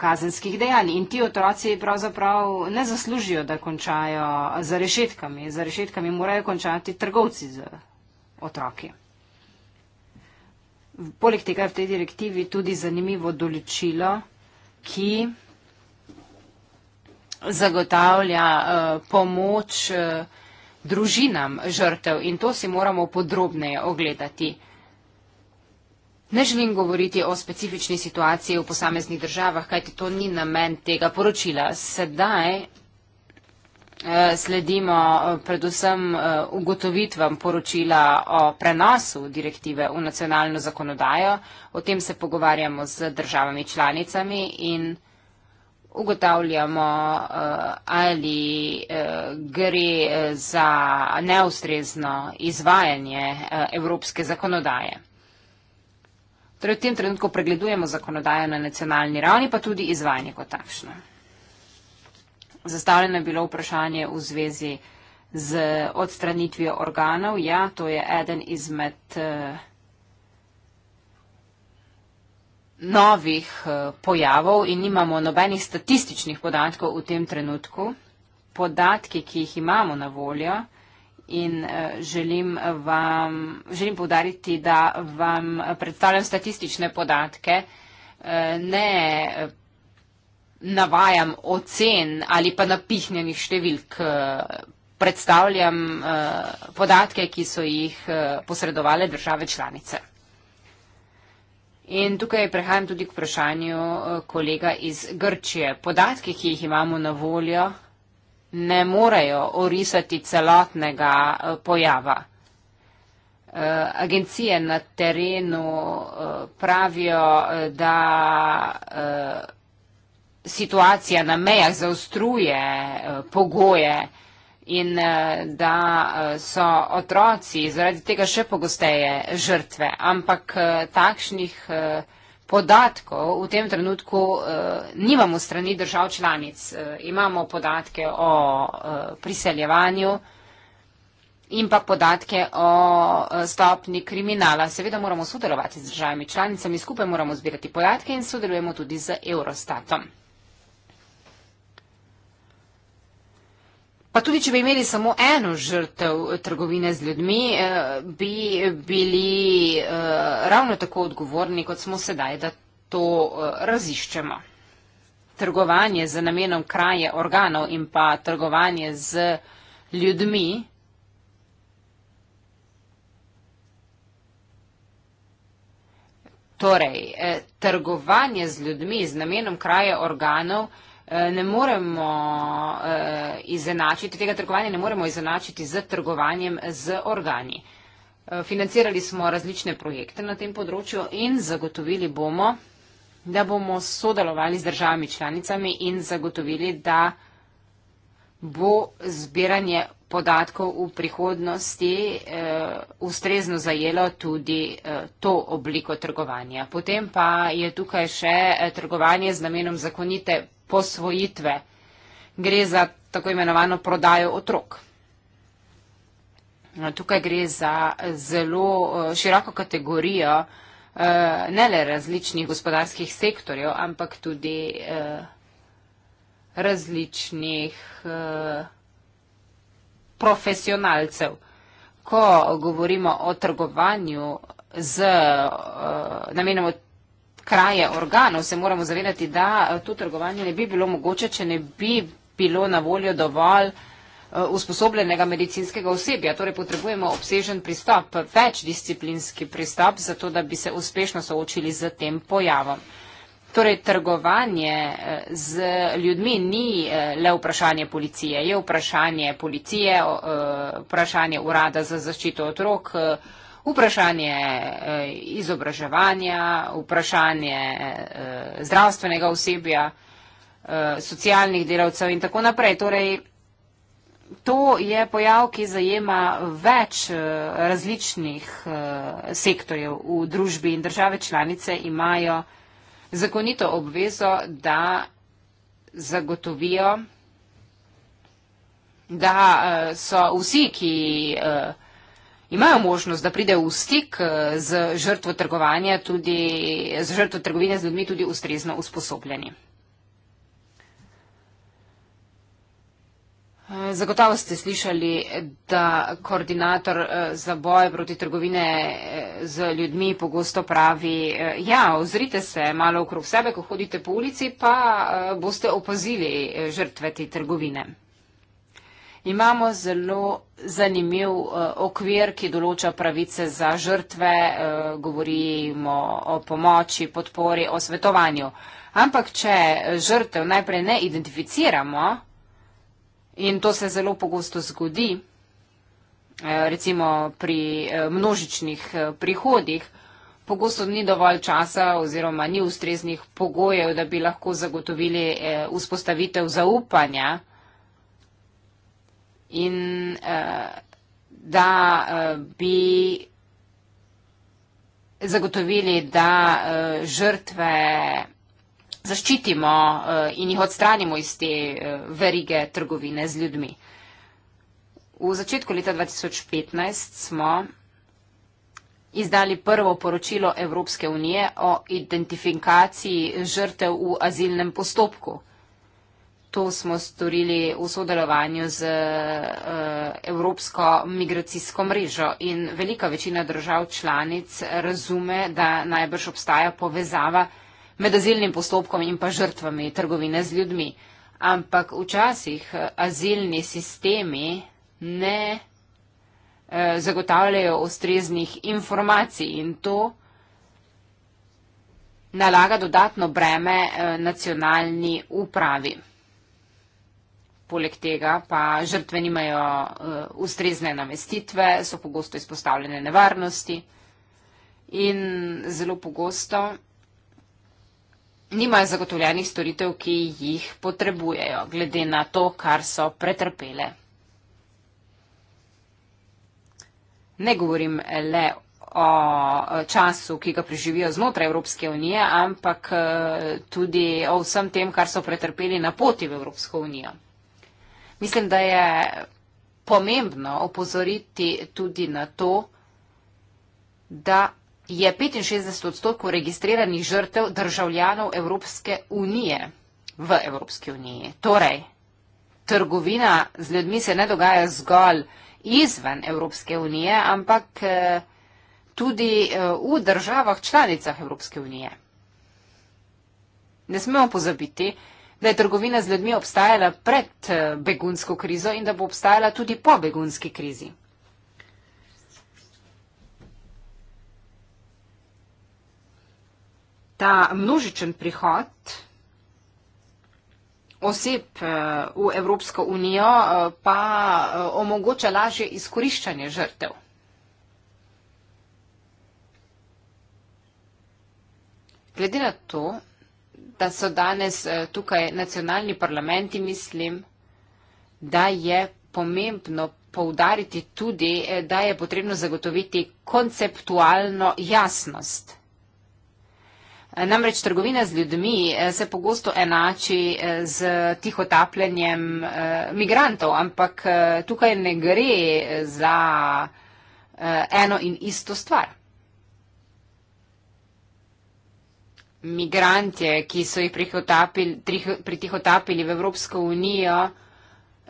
kazenskih dejanj. In ti otroci pravzaprav ne zaslužijo, da končajo za rešetkami. Za rešetkami morajo končati trgovci z otroki poleg tega je v tej direktivi tudi zanimivo določilo, ki zagotavlja uh, pomoč uh, družinam žrtev in to si moramo podrobneje ogledati. Ne želim govoriti o specifični situaciji v posameznih državah, kajti to ni namen tega poročila. Sedaj Eh, sledimo eh, predvsem eh, ugotovitvam poročila o prenosu direktive v nacionalno zakonodajo. O tem se pogovarjamo z državami članicami in ugotavljamo, ali gre za neustrezno izvajanje evropske zakonodaje. Torej v tem trenutku pregledujemo zakonodajo na nacionalni ravni, pa tudi izvajanje kot takšno. Zastavljeno je bilo vprašanje v zvezi z odstranitvijo organov. Ja, to je eden izmed eh, novih eh, pojavov in imamo nobenih statističnih podatkov v tem trenutku. Podatki, ki jih imamo na voljo in eh, želim, vam, želim povdariti, da vam predstavljam statistične podatke, ne navajam ocen ali pa napihnjenih številk. Eh, predstavljam eh, podatke, ki so jih eh, posredovali države članice. In tukaj prehajam tudi k vprašanju kolega iz Grčije. Podatke, ki jih imamo na voljo, ne morejo orisati celotnega pojava. Agencije na terenu pravijo, da situacija na mejah zaostruje eh, pogoje in eh, da eh, so otroci zaradi tega še pogosteje žrtve. Ampak takšnih podatkov v tem trenutku nimamo strani držav članic. Imamo podatke o priseljevanju in pa podatke o stopni kriminala. Seveda moramo sodelovati z državami članicami, skupaj moramo zbirati podatke in sodelujemo tudi z Eurostatom. Pa tudi, če bi imeli samo eno žrtev trgovine z ljudmi, eh, bi bili eh, ravno tako odgovorni, kot smo sedaj, da to eh, raziščemo. Trgovanje z namenom kraje organov in pa trgovanje z ljudmi. Torej, trgovanje z ljudmi z namenom kraje organov. Eh, ne moremo eh, izenačiti, tega trgovanja ne moremo izenačiti z trgovanjem z organi. Eh, financirali smo različne projekte na tem področju in zagotovili bomo, da bomo sodelovali z državami članicami in zagotovili, da bo zbiranje podatkov v prihodnosti eh, ustrezno zajelo tudi eh, to obliko trgovanja. Potem pa je tukaj še trgovanje z namenom zakonite posvojitve. Gre za tako imenovano prodajo otrok. No, tukaj gre za zelo eh, široko kategorijo eh, ne le različnih gospodarskih sektorjev, ampak tudi eh, različnih profesionalcev. Ko govorimo o trgovanju z namenom kraje organov, se moramo zavedati, da eh, to trgovanje ne bi bilo mogoče, če ne bi bilo na voljo dovolj eh, usposobljenega medicinskega osebja. Torej potrebujemo obsežen pristop, večdisciplinski pristop, zato da bi se uspešno soočili z tem pojavom. Torej trgovanje eh, z ljudmi ni le vprašanje policije, je vprašanje policije, vprašanje urada za zaščito otrok, vprašanje eh, izobraževanja, vprašanje eh, zdravstvenega osebja, eh, socialnih delavcev in tako naprej. Torej, to je pojav, ki zajema več različnih sektorjev v družbi in države članice imajo zakonito obvezo, da zagotovijo, da so vsi, ki imajo možnost, da pridejo v stik eh, z žrtvo, tudi, z žrtvo trgovine z ljudmi tudi ustrezno usposobljeni. Eh, zagotovo ste slišali, da koordinator eh, za boj proti trgovine z ljudmi pogosto pravi, ja, ozrite se malo okrog sebe, ko hodite po ulici, pa boste opazili žrtve te trgovine imamo zelo zanimiv eh, okvir, ki določa pravice za žrtve, eh, govorimo o pomoči, podpori, o svetovanju. Ampak, če žrtev najprej ne identificiramo, in to se zelo pogosto zgodi, eh, recimo pri množičnih prihodih, pogosto ni dovolj časa oziroma ni ustreznih pogojev, da bi lahko zagotovili vzpostavitev zaupanja in uh, da uh, bi zagotovili, da uh, žrtve zaščitimo uh, in jih odstranimo iz te uh, verige trgovine z ljudmi. V začetku leta 2015 smo izdali prvo poročilo Evropske unije o identifikaciji žrtev v azilnem postopku. To smo storili v sodelovanju z uh, Evropsko migracijsko mrežo in velika večina držav članic razume, da najbrž obstaja povezava med azilnim postopkom in pa žrtvami trgovine z ljudmi. Ampak včasih eh, azilni sistemi ne uh, zagotavljajo ustreznih informacij in to nalaga dodatno breme uh, nacionalni upravi. Poleg tega pa žrtve nimajo uh, ustrezne namestitve, so pogosto izpostavljene nevarnosti in zelo pogosto nimajo zagotovljenih storitev, ki jih potrebujejo, glede na to, kar so pretrpele. Ne govorim le o eh, času, ki ga preživijo znotraj Evropske unije, ampak eh, tudi o vsem tem, kar so pretrpeli na poti v Evropsko unijo. Mislim, da je pomembno opozoriti tudi na to, da je 65 odstotkov registriranih žrtev državljanov Evropske unije v Evropski uniji. Torej, trgovina z ljudmi se ne dogaja zgolj izven Evropske unije, ampak eh, tudi eh, v državah članicah Evropske unije. Ne smemo pozabiti, da je trgovina z ljudmi obstajala pred eh, begunsko krizo in da bo obstajala tudi po begunski krizi. Ta množičen prihod oseb eh, v Evropsko unijo eh, pa omogoča lažje izkoriščanje žrtev. Glede na to, da so danes eh, tukaj nacionalni parlamenti, mislim, da je pomembno poudariti tudi, eh, da je potrebno zagotoviti konceptualno jasnost. Eh, namreč trgovina z ljudmi se pogosto enači z tihotapljenjem migrantov, ampak tukaj ne gre za eno in isto stvar. migrantje, ki so jih pritihotapili v Evropsko unijo,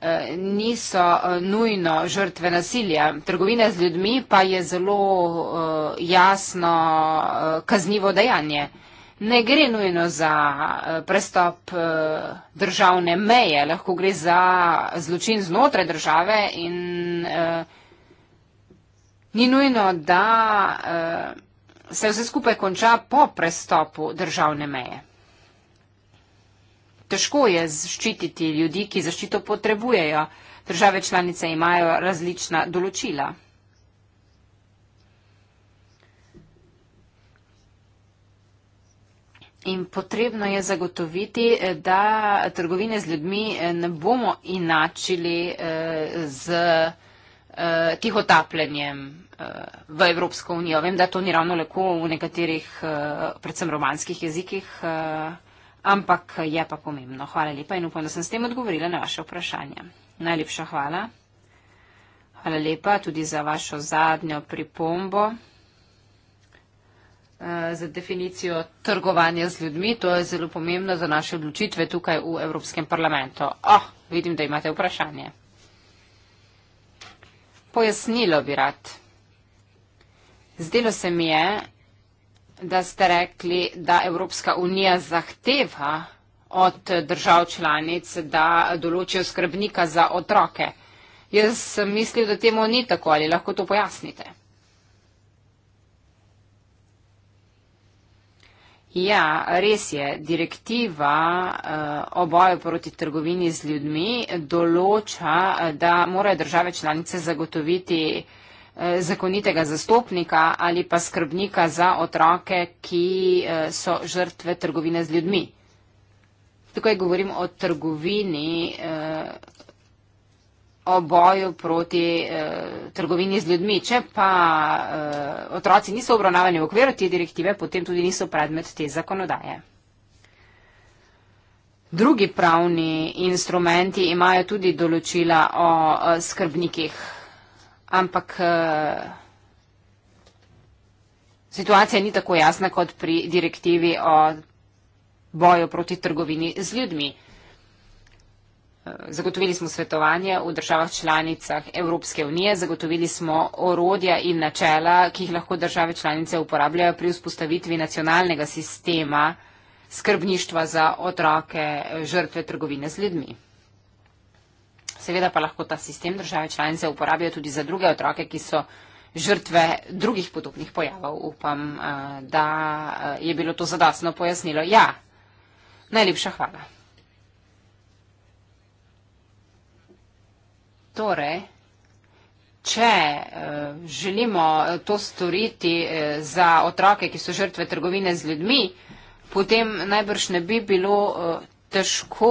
eh, niso eh, nujno žrtve nasilja. Trgovina z ljudmi pa je zelo eh, jasno kaznivo dejanje. Ne gre nujno za prestop državne meje, lahko gre za zločin znotraj države in eh, ni nujno, da eh, se vse skupaj konča po prestopu državne meje. Težko je zaščititi ljudi, ki zaščito potrebujejo. Države članice imajo različna določila. In potrebno je zagotoviti, da trgovine z ljudmi ne bomo inačili eh, z. Eh, Eh, tihotapljenjem eh, v Evropsko unijo. Vem, da to ni ravno lepo v nekaterih, eh, predvsem romanskih jezikih, ampak je pa pomembno. Hvala lepa in upam, da sem s tem odgovorila na vaše vprašanje. Najlepša hvala. Hvala lepa tudi za vašo zadnjo pripombo za definicijo trgovanja z ljudmi. To je zelo pomembno za naše odločitve tukaj v Evropskem parlamentu. Oh, vidim, da imate vprašanje. Pojasnilo bi rad. Zdelo se mi je, da ste rekli, da Evropska unija zahteva od držav članic, da določijo skrbnika za otroke. Jaz sem mislil, da temu ni tako ali lahko to pojasnite. Ja, res je. Direktiva uh, o boju proti trgovini z ljudmi določa, eh, da morajo države članice zagotoviti uh, zakonitega zastopnika ali pa skrbnika za otroke, ki uh, so žrtve trgovine z ljudmi. Tukaj govorim o trgovini. Uh, o boju proti eh, trgovini z ljudmi. Če pa eh, otroci niso obravnavani v okviru te direktive, potem tudi niso predmet te zakonodaje. Drugi pravni instrumenti imajo tudi določila o eh, skrbnikih, ampak eh, situacija ni tako jasna kot pri direktivi o boju proti trgovini z ljudmi. Zagotovili smo svetovanje v državah članicah Evropske unije, zagotovili smo orodja in načela, ki jih lahko države članice uporabljajo pri vzpostavitvi nacionalnega sistema skrbništva za otroke žrtve trgovine z ljudmi. Seveda pa lahko ta sistem države članice uporabijo tudi za druge otroke, ki so žrtve drugih podobnih pojavov. Upam, eh, da eh, je bilo to zadostno pojasnilo. Ja, najlepša hvala. Torej, če uh, želimo eh, to storiti uh, za otroke, ki so žrtve trgovine z ljudmi, potem najbrž ne bi bilo uh, težko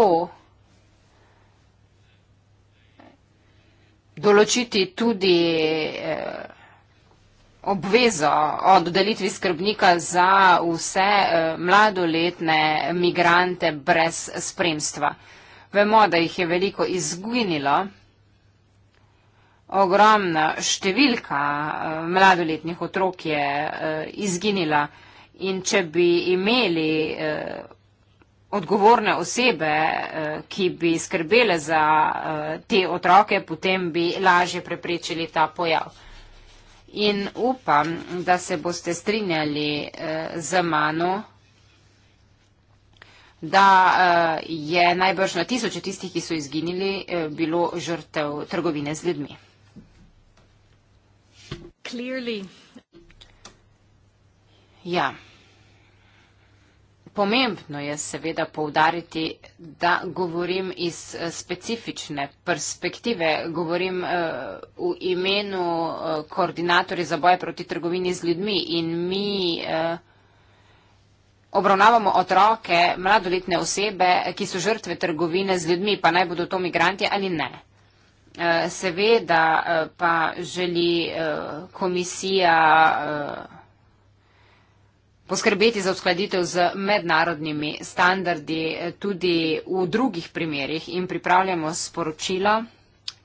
določiti tudi uh, obvezo o dodelitvi skrbnika za vse uh, mladoletne migrante brez spremstva. Vemo, da jih je veliko izginilo ogromna številka eh, mladoletnih otrok je eh, izginila in če bi imeli eh, odgovorne osebe, ki bi skrbele za te otroke, potem bi lažje preprečili ta pojav. In upam, da se boste strinjali z mano, da je najbrž na tisoče tistih, ki so izginili, bilo žrtev trgovine z ljudmi. Ja, pomembno je seveda povdariti, da govorim iz eh, specifične perspektive. Govorim uh, v imenu uh, koordinatorja za boje proti trgovini z ljudmi in mi uh, obravnavamo otroke, mladoletne osebe, ki so žrtve trgovine z ljudmi, pa naj bodo to migranti ali ne. Eh, seveda eh, pa želi eh, komisija poskrbeti za uskladitev z mednarodnimi standardi tudi v drugih primerjih in pripravljamo sporočilo,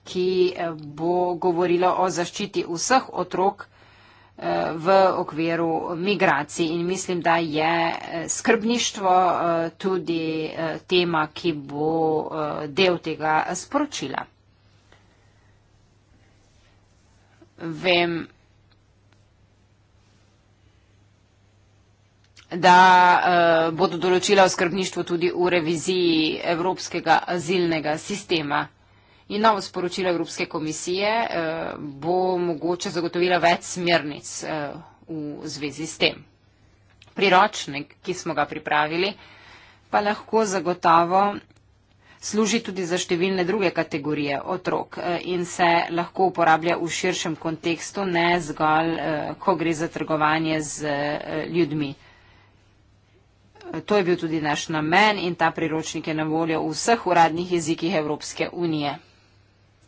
ki bo govorilo o zaščiti vseh otrok v okviru migracij. In mislim, da je skrbništvo tudi tema, ki bo del tega sporočila. vem, da uh, bodo določila o skrbništvu tudi v reviziji Evropskega azilnega sistema. In novo sporočilo Evropske komisije uh, bo mogoče zagotovila več smernic uh, v zvezi s tem. Priročnik, ki smo ga pripravili, pa lahko zagotovo služi tudi za številne druge kategorije otrok eh, in se lahko uporablja v širšem kontekstu, ne zgolj, eh, ko gre za trgovanje z eh, ljudmi. To je bil tudi naš namen in ta priročnik je na voljo v vseh uradnih jezikih Evropske unije.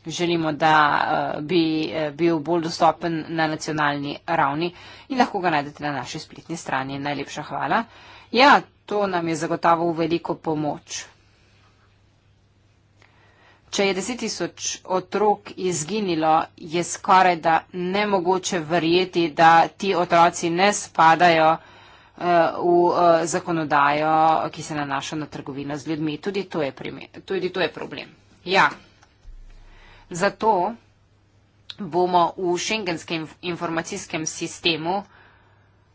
Želimo, da bi bil bolj dostopen na nacionalni ravni in lahko ga najdete na naši spletni strani. Najlepša hvala. Ja, to nam je zagotovo v veliko pomoč. Če je deset tisoč otrok izginilo, je skoraj da nemogoče verjeti, da ti otroci ne spadajo eh, v eh, zakonodajo, ki se nanaša na trgovino z ljudmi. Tudi to je, primer, tudi to je problem. Ja. Zato bomo v šengenskem informacijskem sistemu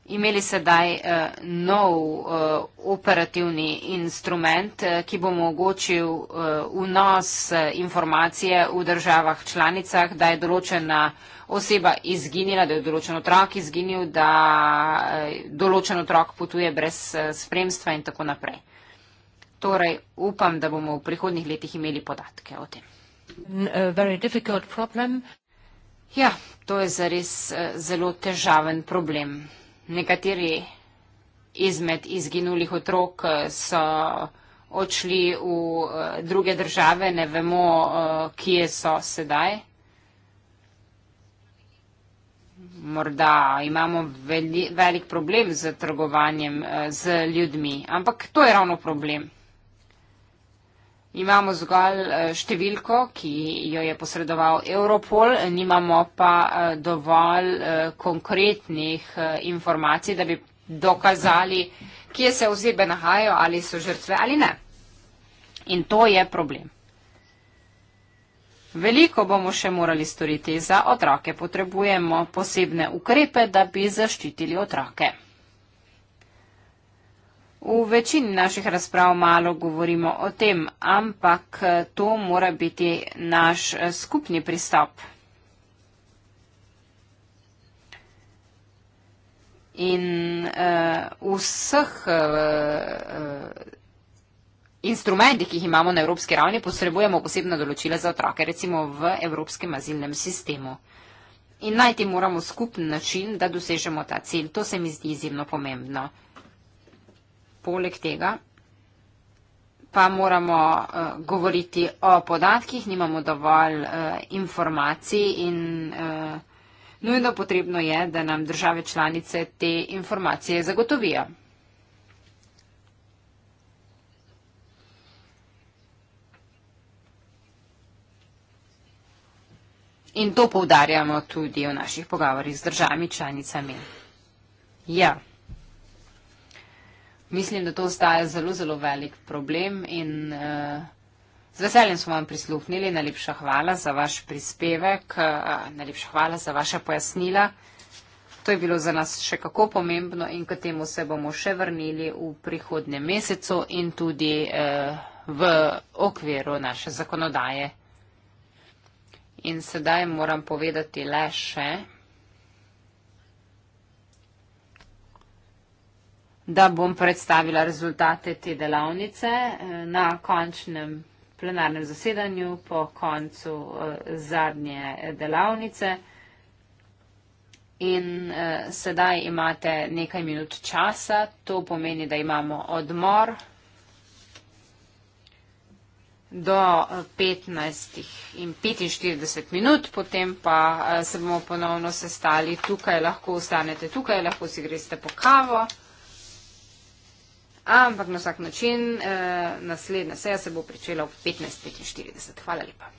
imeli sedaj uh, nov uh, operativni instrument, uh, ki bo omogočil vnos uh, uh, informacije v državah članicah, da je določena oseba izginila, da je določen otrok izginil, da uh, določen otrok potuje brez uh, spremstva in tako naprej. Torej, upam, da bomo v prihodnih letih imeli podatke o tem. Ja, to je zares uh, zelo težaven problem nekateri izmed izginulih otrok eh, so odšli v eh, druge države, ne vemo, eh, kje so sedaj. Morda imamo velik problem z trgovanjem z ljudmi, ampak to je ravno problem. Imamo zgolj eh, številko, ki jo je posredoval Europol, nimamo pa eh, dovolj eh, konkretnih informacij, da bi dokazali, kje se osebe nahajajo, ali so žrtve ali ne. In to je problem. Veliko bomo še morali storiti za otroke. Potrebujemo posebne ukrepe, da bi zaščitili otroke. V večini naših razprav malo govorimo o tem, ampak eh, to mora biti naš eh, skupni pristop. In uh, vseh uh, uh, instrumentih, ki jih imamo na evropski ravni, potrebujemo posebna določila za otroke, recimo v evropskem azilnem sistemu. In najti moramo skupni način, da dosežemo ta cilj. To se mi zdi izjemno pomembno poleg tega pa moramo uh, govoriti o podatkih, nimamo dovolj uh, informacij in uh, nujno potrebno je, da nam države članice te informacije zagotovijo. In to poudarjamo tudi v naših pogovorih z državami članicami. Ja. Yeah mislim, da to ostaja zelo, zelo velik problem in uh, z veseljem smo vam prisluhnili. Najlepša hvala za vaš prispevek, uh, najlepša hvala za vaše pojasnila. To je bilo za nas še kako pomembno in k temu se bomo še vrnili v prihodnem mesecu in tudi uh, v okviru naše zakonodaje. In sedaj moram povedati le še, da bom predstavila rezultate te delavnice eh, na končnem plenarnem zasedanju po koncu eh, zadnje delavnice. In eh, sedaj imate nekaj minut časa, to pomeni, da imamo odmor do 15 in 45 minut, potem pa se bomo ponovno sestali tukaj, lahko ostanete tukaj, lahko si greste po kavo ampak na vsak način eh, naslednja seja se bo pričela ob 15.45. Hvala lepa.